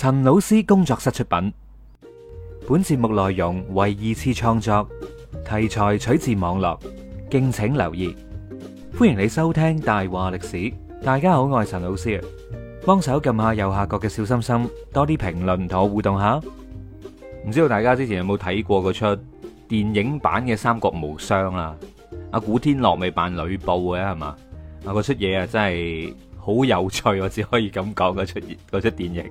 陳老師工作室出品，本節目內容為二次創作，題材取自網絡，敬請留意。歡迎你收聽《大話歷史》。大家好，我係陳老師。幫手撳下右下角嘅小心心，多啲評論同我互動下。唔知道大家之前有冇睇過嗰出電影版嘅《三國無雙》啊？阿古天樂未扮呂布呀，係嘛？啊，嗰出嘢啊，真係好有趣，我只可以咁講嗰出嗰出電影。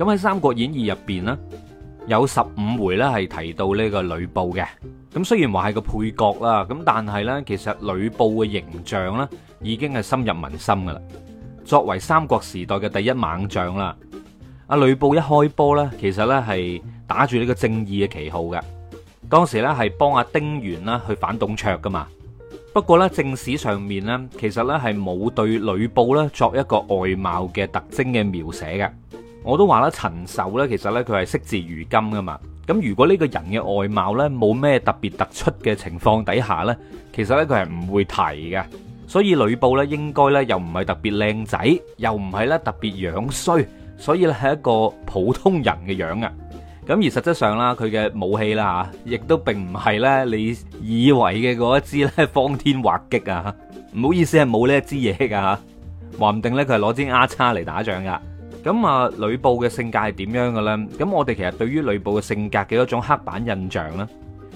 咁喺《三國演義》入邊呢，有十五回呢，係提到呢個呂布嘅。咁雖然話係個配角啦，咁但係呢，其實呂布嘅形象呢，已經係深入民心噶啦。作為三國時代嘅第一猛將啦，阿呂布一開波呢，其實呢，係打住呢個正義嘅旗號嘅。當時呢，係幫阿丁原啦去反董卓噶嘛。不過呢，正史上面呢，其實呢，係冇對呂布呢作一個外貌嘅特徵嘅描寫嘅。我都話啦，陳壽呢，其實呢，佢係惜字如金噶嘛。咁如果呢個人嘅外貌呢，冇咩特別突出嘅情況底下呢，其實呢，佢係唔會提嘅。所以呂布呢，應該呢又唔係特別靚仔，又唔係呢特別樣衰，所以呢係一個普通人嘅樣啊。咁而實質上啦，佢嘅武器啦吓亦都並唔係呢你以為嘅嗰一支呢方天畫戟啊嚇。唔好意思，係冇呢一支嘢噶嚇，話唔定呢，佢係攞支丫叉嚟打仗噶。咁啊，呂布嘅性格係點樣嘅咧？咁我哋其實對於呂布嘅性格嘅一種刻板印象咧，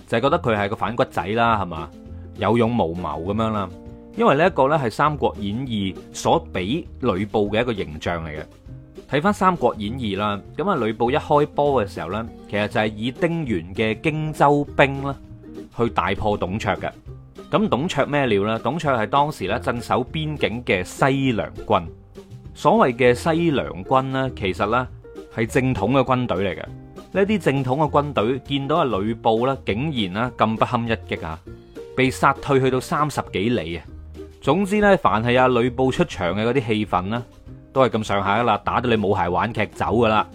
就係覺得佢係個反骨仔啦，係嘛，有勇無謀咁樣啦。因為呢一個咧係《三國演義》所俾呂布嘅一個形象嚟嘅。睇翻《三國演義》啦，咁啊呂布一開波嘅時候咧，其實就係以丁原嘅荊州兵啦，去大破董卓嘅。咁董卓咩料咧？董卓係當時咧鎮守邊境嘅西涼軍。所謂嘅西涼軍呢，其實呢係正統嘅軍隊嚟嘅。呢啲正統嘅軍隊見到阿呂布呢，竟然呢咁不堪一擊啊，被殺退去到三十幾里啊。總之呢，凡係阿呂布出場嘅嗰啲氣氛咧，都係咁上下噶啦，打到你冇鞋玩劇走噶啦。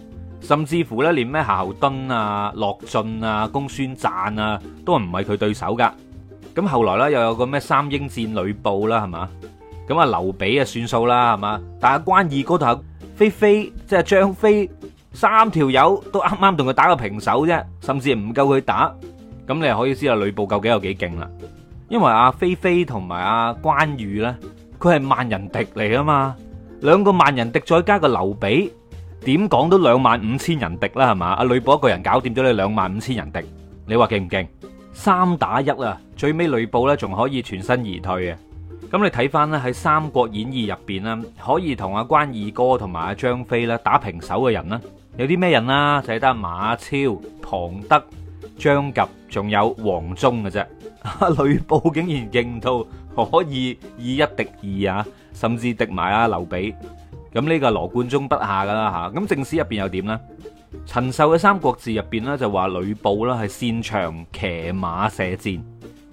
甚至乎呢，連咩夏侯惇啊、樂進啊、公孫瓚啊，都唔係佢對手噶。咁後來呢，又有個咩三英戰呂布啦，係嘛？咁啊，劉備啊算數啦，係嘛？但係關二嗰度阿飛飛即係張飛，三條友都啱啱同佢打個平手啫，甚至係唔夠佢打。咁你又可以知阿呂布究竟有幾勁啦？因為阿飛飛同埋阿關羽咧，佢係萬人敵嚟啊嘛，兩個萬人敵再加個劉備，點講都兩萬五千人敵啦，係嘛？阿呂布一個人搞掂咗你兩萬五千人敵，你話勁唔勁？三打一啊，最尾呂布咧仲可以全身而退啊！咁你睇翻咧喺《三國演義》入邊咧，可以同阿關二哥同埋阿張飛咧打平手嘅人咧，有啲咩人啦？就得、是、馬超、龐德、張郃，仲有黃忠嘅啫。呂布竟然勁到可以以一敵二啊，甚至敵埋阿劉備。咁、這、呢個羅貫中筆下噶啦吓。咁正史入邊又點呢？陳壽嘅《三國志》入邊咧就話呂布啦係擅長騎馬射箭，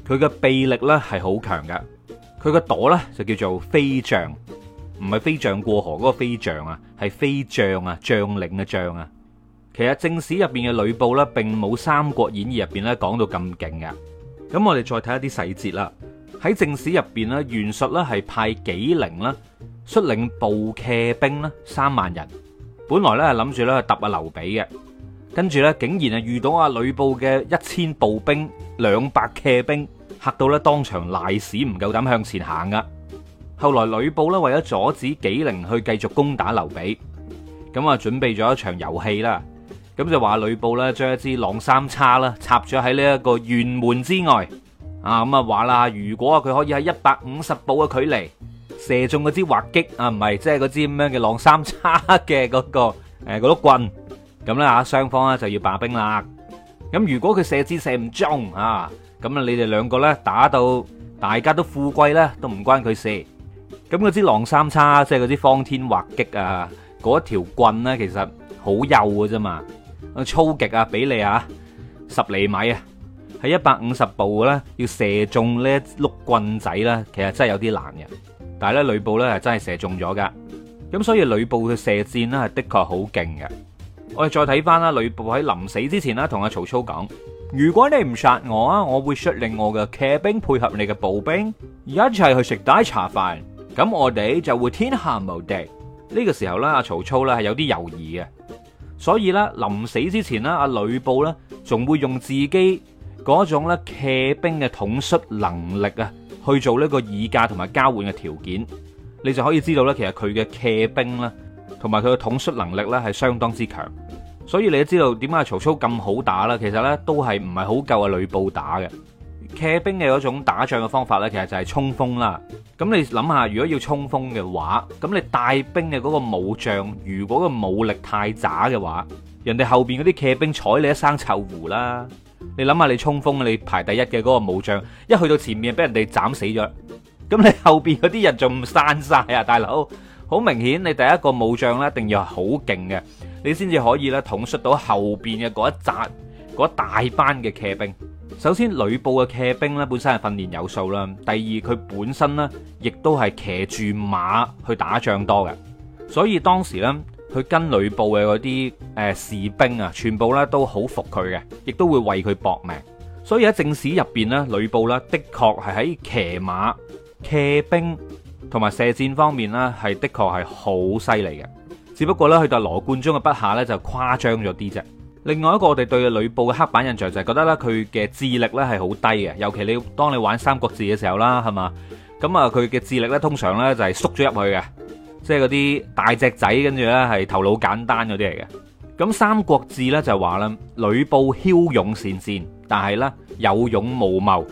佢嘅臂力咧係好強嘅。佢個朵咧就叫做飛將，唔係飛將過河嗰個飛將啊，係飛將啊，將領嘅將啊。其實正史入邊嘅呂布咧，並冇三國演義入邊咧講到咁勁嘅。咁我哋再睇一啲細節啦。喺正史入邊咧，袁術咧係派紀靈啦，率領步騎兵啦三萬人，本來咧係諗住咧去揼阿劉備嘅，跟住咧竟然係遇到阿呂布嘅一千步兵兩百騎兵。吓到咧當場賴屎唔夠膽向前行噶。後來呂布咧為咗阻止紀靈去繼續攻打劉備，咁啊準備咗一場遊戲啦。咁就話呂布咧將一支狼三叉啦插咗喺呢一個轅門之外啊。咁啊話啦，如果啊佢可以喺一百五十步嘅距離射中嗰支畫戟啊，唔係即係嗰支咁樣嘅狼三叉嘅嗰個誒嗰碌棍，咁咧啊雙方咧就要罷兵啦。咁如果佢射箭射唔中啊？咁啊，你哋兩個咧打到大家都富貴咧，都唔關佢事。咁嗰支狼三叉，即係嗰啲方天畫戟啊，嗰條棍呢其實好幼嘅啫嘛。我粗極啊，俾你啊，十厘米啊，喺一百五十步咧要射中呢一碌棍仔咧，其實真係有啲難嘅。但係咧，呂布咧係真係射中咗噶。咁所以呂布嘅射箭呢係的確好勁嘅。我哋再睇翻啦，呂布喺臨死之前啦，同阿曹操講。如果你唔殺我啊，我會率令我嘅騎兵配合你嘅步兵，一齊去食大茶飯，咁我哋就會天下無敵。呢個時候咧，阿曹操咧係有啲猶豫嘅，所以咧臨死之前咧，阿呂布咧仲會用自己嗰種咧騎兵嘅統率能力啊，去做呢個議價同埋交換嘅條件，你就可以知道咧，其實佢嘅騎兵咧同埋佢嘅統率能力咧係相當之強。所以你都知道點解曹操咁好打啦？其實呢，都係唔係好夠阿呂布打嘅。騎兵嘅嗰種打仗嘅方法呢，其實就係衝鋒啦。咁你諗下，如果要衝鋒嘅話，咁你帶兵嘅嗰個武將，如果個武力太渣嘅話，人哋後邊嗰啲騎兵踩你一生臭狐啦。你諗下，你衝鋒你排第一嘅嗰個武將，一去到前面俾人哋斬死咗，咁你後邊嗰啲人仲唔散晒啊，大佬？好明顯，你第一個武將咧，一定要好勁嘅，你先至可以咧統率到後邊嘅嗰一扎、嗰大班嘅騎兵。首先，呂布嘅騎兵咧本身係訓練有素啦。第二，佢本身呢亦都係騎住馬去打仗多嘅。所以當時呢，佢跟呂布嘅嗰啲誒士兵啊，全部咧都好服佢嘅，亦都會為佢搏命。所以喺正史入邊咧，呂布咧的確係喺騎馬騎兵，同埋射箭方面呢，係的確係好犀利嘅。只不過呢，佢去到羅貫中嘅筆下呢，就誇張咗啲啫。另外一個我哋對呂布嘅刻板印象就係覺得呢，佢嘅智力呢係好低嘅。尤其你當你玩《三國志》嘅時候啦，係嘛？咁啊，佢嘅智力呢，通常呢就係縮咗入去嘅，即係嗰啲大隻仔，跟住呢，係頭腦簡單嗰啲嚟嘅。咁《三國志》呢，就話呢，呂布驍勇善戰，但係呢，有勇無謀，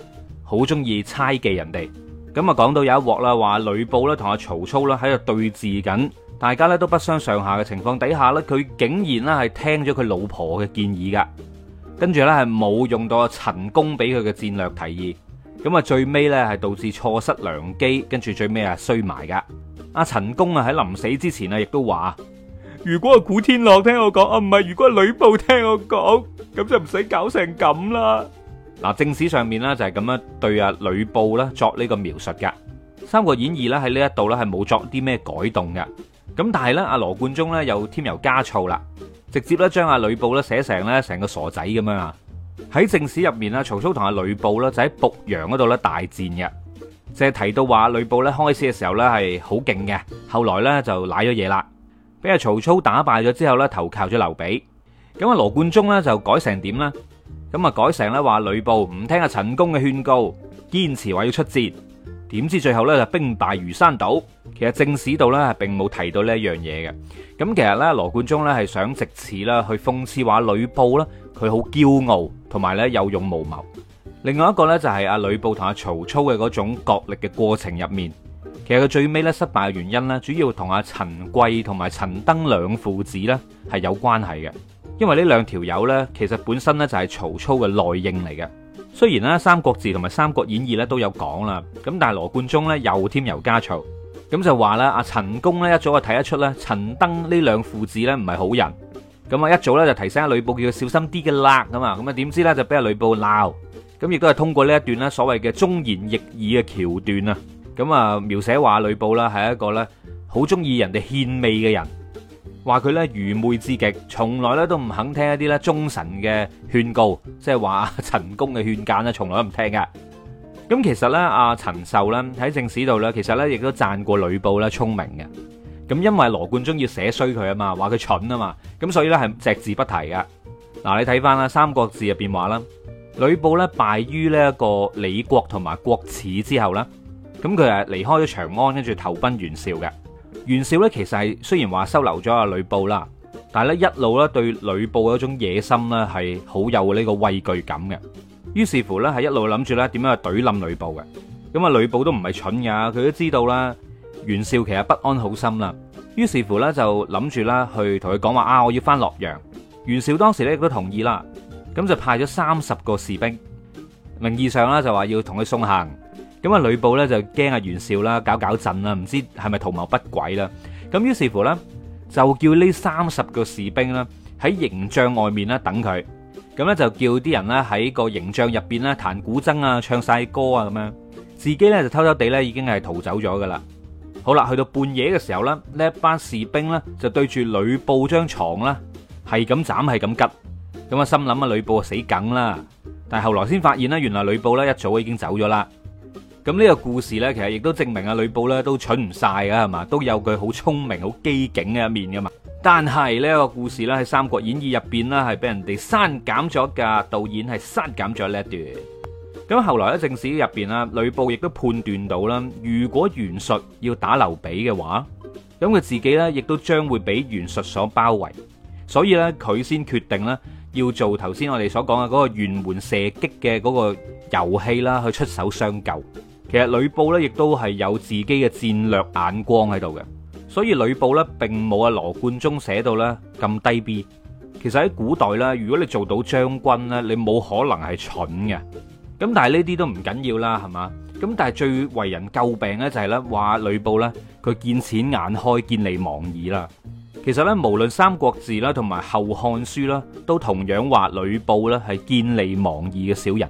好中意猜忌人哋。咁啊，講到有一鑊啦，話呂布咧同阿曹操咧喺度對峙緊，大家咧都不相上下嘅情況底下咧，佢竟然咧係聽咗佢老婆嘅建議噶，跟住咧係冇用到阿陳宮俾佢嘅戰略提議，咁啊最尾咧係導致錯失良機，跟住最尾啊衰埋噶。阿陳宮啊喺臨死之前啊，亦都話：如果係古天樂聽我講，啊唔係如果係呂布聽我講，咁就唔使搞成咁啦。嗱，正史上面咧就係咁樣對阿呂布咧作呢個描述噶。《三國演義》咧喺呢一度咧係冇作啲咩改動噶，咁但係咧阿羅貫中咧又添油加醋啦，直接咧將阿呂布咧寫成咧成個傻仔咁樣啊！喺正史入面啦，曹操同阿呂布啦就喺濮陽嗰度咧大戰嘅，淨係提到話呂布咧開始嘅時候咧係好勁嘅，後來咧就舐咗嘢啦，俾阿曹操打敗咗之後咧投靠咗劉備，咁阿羅貫中咧就改成點咧？咁啊，改成咧話呂布唔聽阿陳宮嘅勸告，堅持話要出戰，點知最後咧就兵敗如山倒。其實正史度咧並冇提到呢一樣嘢嘅。咁其實咧羅貫中咧係想借此啦去諷刺話呂布啦，佢好驕傲同埋咧有勇無謀。另外一個咧就係阿呂布同阿曹操嘅嗰種角力嘅過程入面，其實佢最尾咧失敗嘅原因咧，主要同阿陳珪同埋陳登兩父子咧係有關係嘅。因為呢兩條友呢，其實本身呢就係曹操嘅內應嚟嘅。雖然呢，《三國志》同埋《三國演義》呢都有講啦，咁但係羅貫中呢又添油加醋，咁就話啦，阿陳宮呢一早就睇得出呢陳登呢兩父子呢唔係好人，咁啊一早呢就提醒阿呂布要小心啲嘅啦，咁啊，咁啊點知呢，就俾阿呂布鬧，咁亦都係通過呢一段呢所謂嘅忠言逆耳嘅橋段啊，咁啊描寫話呂布啦係一個呢好中意人哋獻媚嘅人。話佢咧愚昧之極，從來咧都唔肯聽一啲咧忠臣嘅勸告，即係話陳宮嘅勸諫咧，從來都唔聽㗎。咁其實咧，阿陳壽咧喺正史度咧，其實咧亦都讚過呂布咧聰明嘅。咁因為羅貫中要寫衰佢啊嘛，話佢蠢啊嘛，咁所以咧係隻字不提㗎。嗱，你睇翻，啦，《三國志》入邊話啦，呂布咧敗於呢一個李傕同埋郭汜，之後啦，咁佢係離開咗長安，跟住投奔袁紹嘅。袁紹咧其實係雖然話收留咗阿呂布啦，但係咧一路咧對呂布嗰種野心咧係好有呢個畏懼感嘅。於是乎咧係一路諗住咧點樣去懟冧呂布嘅。咁啊呂布都唔係蠢噶，佢都知道啦袁紹其實不安好心啦。於是乎咧就諗住咧去同佢講話啊，我要翻洛陽。袁紹當時咧亦都同意啦，咁就派咗三十個士兵，名義上啦就話要同佢送行。咁啊！呂布咧就驚啊袁紹啦，搞搞震啦，唔知係咪圖謀不軌啦。咁於是乎呢，就叫呢三十個士兵啦，喺營帳外面啦等佢。咁咧就叫啲人咧喺個營帳入邊咧彈古箏啊、唱晒歌啊咁樣。自己咧就偷偷地咧已經係逃走咗噶啦。好啦，去到半夜嘅時候咧，呢一班士兵咧就對住呂布張床啦，係咁斬係咁刉。咁啊心諗啊呂布死梗啦。但係後來先發現呢，原來呂布咧一早已經走咗啦。咁呢個故事咧，其實亦都證明阿呂布咧都蠢唔晒噶，係嘛，都有佢好聰明、好機警嘅一面噶嘛。但係呢個故事咧喺《三國演義》入邊咧係俾人哋刪減咗噶，導演係刪減咗呢一段。咁後來喺正史入邊啦，呂布亦都判斷到啦，如果袁術要打劉備嘅話，咁佢自己咧亦都將會俾袁術所包圍，所以咧佢先決定咧要做頭先我哋所講嘅嗰個轅門射擊嘅嗰個遊戲啦，去出手相救。其實呂布咧，亦都係有自己嘅戰略眼光喺度嘅，所以呂布咧，並冇阿羅貫中寫到咧咁低 B。其實喺古代咧，如果你做到將軍咧，你冇可能係蠢嘅。咁但係呢啲都唔緊要啦，係嘛？咁但係最為人詬病咧，就是，就係咧話呂布咧，佢見錢眼開，見利忘義啦。其實咧，無論《三國誌》啦，同埋《後漢書》啦，都同樣話呂布咧係見利忘義嘅小人。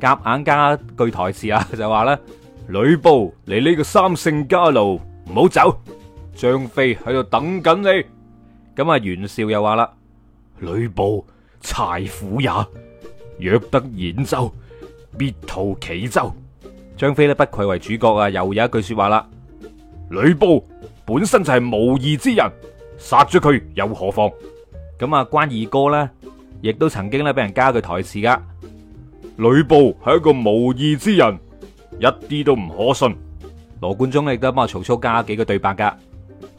夾硬加句台詞啊，就話咧，呂布你呢個三姓家奴，唔好走，張飛喺度等緊你。咁啊，袁紹又話啦，呂布豺虎也，若得兗州，必圖冀州。張飛呢，不愧為主角啊，又有一句說話啦，呂布本身就係無義之人，殺咗佢又何妨？咁啊，關二哥咧，亦都曾經咧俾人加句台詞噶。呂布係一個無義之人，一啲都唔可信。羅貫中亦都幫曹操加幾個對白噶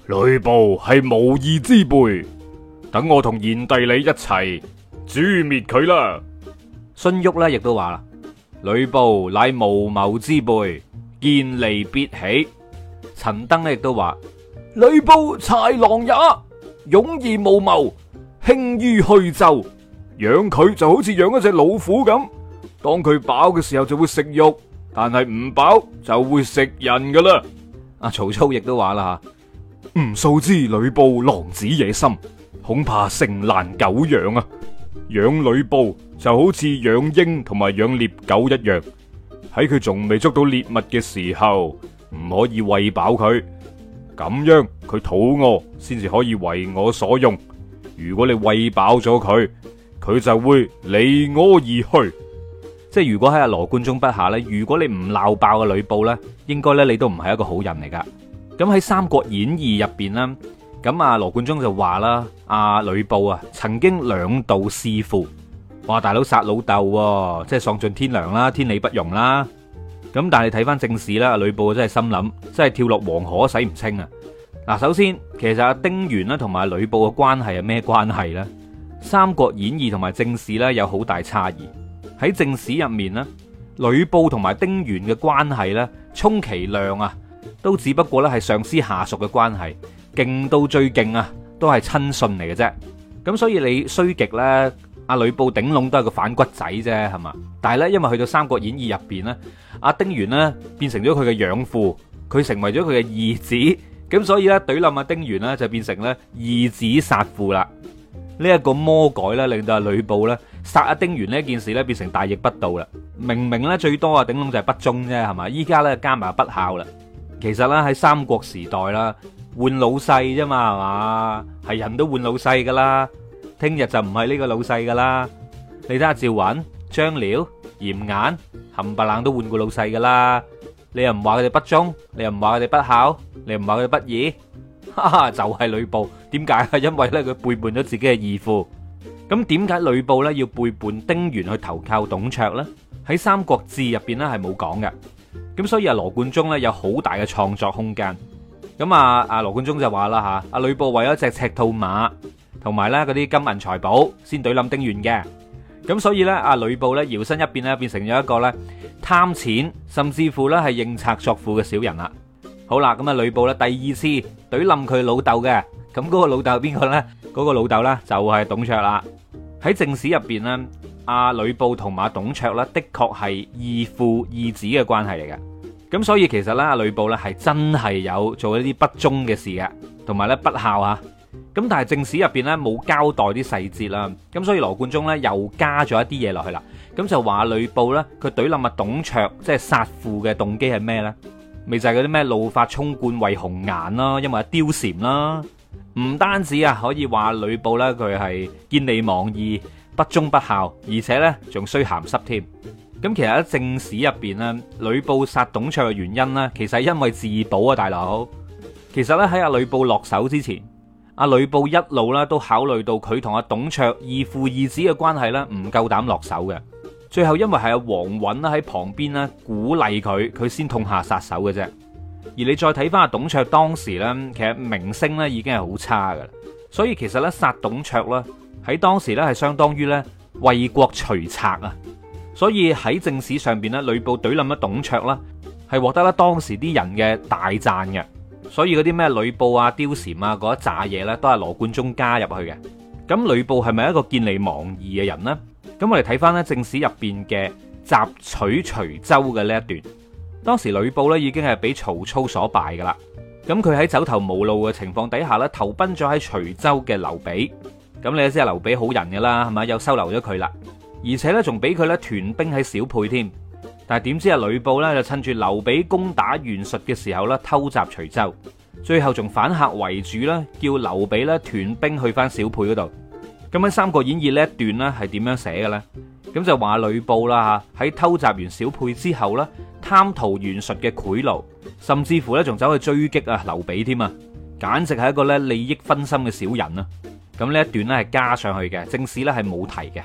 呂布係無義之輩，等我同賢帝你一齊誅滅佢啦。荀彧咧亦都話：，啦呂布乃無謀之輩，見利必喜。陳登咧亦都話：，呂布豺狼也，勇而無謀，輕於去就，養佢就好似養一隻老虎咁。當佢飽嘅時候就會食肉，但係唔飽就會食人噶啦。阿、啊、曹操亦都話啦吓，吾素知呂布狼子野心，恐怕成難狗養啊。養呂布就好似養鷹同埋養獵狗一樣，喺佢仲未捉到獵物嘅時候，唔可以餵飽佢，咁樣佢肚餓先至可以為我所用。如果你餵飽咗佢，佢就會離我而去。即係如果喺阿羅貫中筆下咧，如果你唔鬧爆嘅呂布咧，應該咧你都唔係一個好人嚟噶。咁喺《三國演義》入邊咧，咁啊羅貫中就話啦：阿呂布啊，曾經兩度弒父，哇大佬殺老豆喎，即係喪盡天良啦，天理不容啦。咁但係你睇翻正史啦，呂布真係心諗，真係跳落黃河洗唔清啊。嗱，首先其實阿丁原咧同埋阿呂布嘅關係係咩關係呢？《三國演義》同埋正史呢，有好大差異。喺正史入面咧，呂布同埋丁原嘅關係咧，充其量啊，都只不過咧係上司下屬嘅關係，勁到最勁啊，都係親信嚟嘅啫。咁所以你衰極咧，阿呂布頂籠都係個反骨仔啫，係嘛？但係咧，因為去到《三國演義》入邊咧，阿丁原咧變成咗佢嘅養父，佢成為咗佢嘅兒子，咁所以咧懟冧阿丁原咧就變成咧兒子殺父啦。呢一個魔改咧，令到阿呂布咧。殺阿丁原呢一件事咧，變成大逆不道啦！明明咧最多啊，頂籠就係不忠啫，係嘛？依家咧加埋不孝啦。其實咧喺三國時代啦，換老細啫嘛，係嘛？係人都換老細噶啦。聽日就唔係呢個老細噶啦。你睇下趙雲、張遼、嚴顏，冚唪唥都換過老細噶啦。你又唔話佢哋不忠，你又唔話佢哋不孝，你又唔話佢哋不義，哈哈，就係呂布。點解？因為咧佢背叛咗自己嘅義父。咁點解呂布咧要背叛丁原去投靠董卓咧？喺《三國志》入邊咧係冇講嘅，咁所以阿羅貫中咧有好大嘅創作空間。咁啊啊羅貫中就話啦吓，阿呂布為咗隻赤兔馬同埋咧嗰啲金銀財寶，先懟冧丁原嘅。咁所以咧阿呂布咧搖身一變咧變成咗一個咧貪錢，甚至乎咧係認賊作父嘅小人啦。好啦，咁啊呂布咧第二次懟冧佢老豆嘅，咁嗰個老豆係邊個咧？嗰個老豆咧就係董卓啦。喺正史入邊咧，阿呂布同埋董卓咧，的確係義父義子嘅關係嚟嘅。咁所以其實咧，阿呂布咧係真係有做一啲不忠嘅事嘅，同埋咧不孝啊。咁但係正史入邊咧冇交代啲細節啦。咁所以羅貫中咧又加咗一啲嘢落去啦。咁就話呂布咧，佢懟冧阿董卓，即係殺父嘅動機係咩咧？咪就係嗰啲咩怒髮衝冠為紅顏啦，因為阿貂蟬啦。唔單止啊，可以話呂布咧佢係見利忘義、不忠不孝，而且咧仲衰鹹濕添。咁其實喺正史入邊咧，呂布殺董卓嘅原因咧，其實係因為自保啊，大佬。其實咧喺阿呂布落手之前，阿呂布一路都考慮到佢同阿董卓義父義子嘅關係唔夠膽落手嘅。最後因為係阿王允啦喺旁邊鼓勵佢，佢先痛下殺手嘅啫。而你再睇翻阿董卓當時呢，其實名聲呢已經係好差噶，所以其實呢，殺董卓呢喺當時呢係相當於呢為國除賊啊，所以喺正史上邊呢，呂布懟冧咗董卓啦，係獲得咧當時啲人嘅大讚嘅，所以嗰啲咩呂布啊、貂蟬啊嗰一扎嘢呢，都係羅貫中加入去嘅。咁呂布係咪一個見利忘義嘅人呢？咁我哋睇翻呢正史入邊嘅集取徐州嘅呢一段。當時呂布咧已經係俾曹操所敗噶啦，咁佢喺走投無路嘅情況底下咧，投奔咗喺徐州嘅劉備。咁你都知係劉備好人噶啦，係咪？又收留咗佢啦，而且咧仲俾佢咧團兵喺小沛添。但係點知啊，呂布咧就趁住劉備攻打袁術嘅時候咧偷襲徐州，最後仲反客為主啦，叫劉備咧團兵去翻小沛嗰度。咁喺《三國演義》呢一段咧係點樣寫嘅咧？咁就話呂布啦吓，喺偷襲完小沛之後呢，貪圖袁術嘅賄賂，甚至乎呢仲走去追擊啊劉備添啊，簡直係一個呢利益分心嘅小人啦。咁呢一段呢係加上去嘅，正史呢係冇提嘅。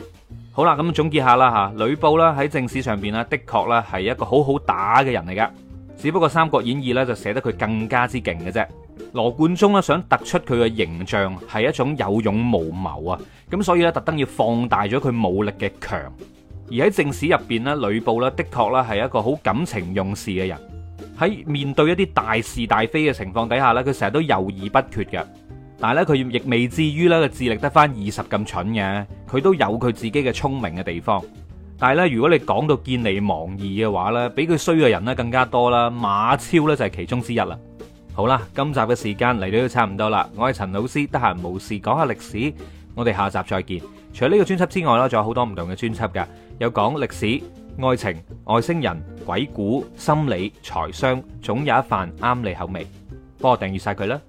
好啦，咁總結下啦吓，呂布啦喺正史上邊呢，的確啦係一個好好打嘅人嚟噶，只不過三國演義呢就寫得佢更加之勁嘅啫。羅貫中咧想突出佢嘅形象係一種有勇無謀啊，咁所以咧特登要放大咗佢武力嘅強。而喺正史入邊咧，呂布咧的確咧係一個好感情用事嘅人，喺面對一啲大是大非嘅情況底下咧，佢成日都猶豫不決嘅。但係咧佢亦未至於咧，佢智力得返二十咁蠢嘅，佢都有佢自己嘅聰明嘅地方。但係咧，如果你講到見利忘義嘅話咧，比佢衰嘅人咧更加多啦，馬超咧就係其中之一啦。好啦，今集嘅時間嚟到都差唔多啦，我係陳老師，得閒無事講下歷史，我哋下集再見。除咗呢個專輯之外啦，仲有好多唔同嘅專輯㗎。有講歷史、愛情、外星人、鬼故、心理、財商，總有一番啱你口味，幫我訂閱晒佢啦。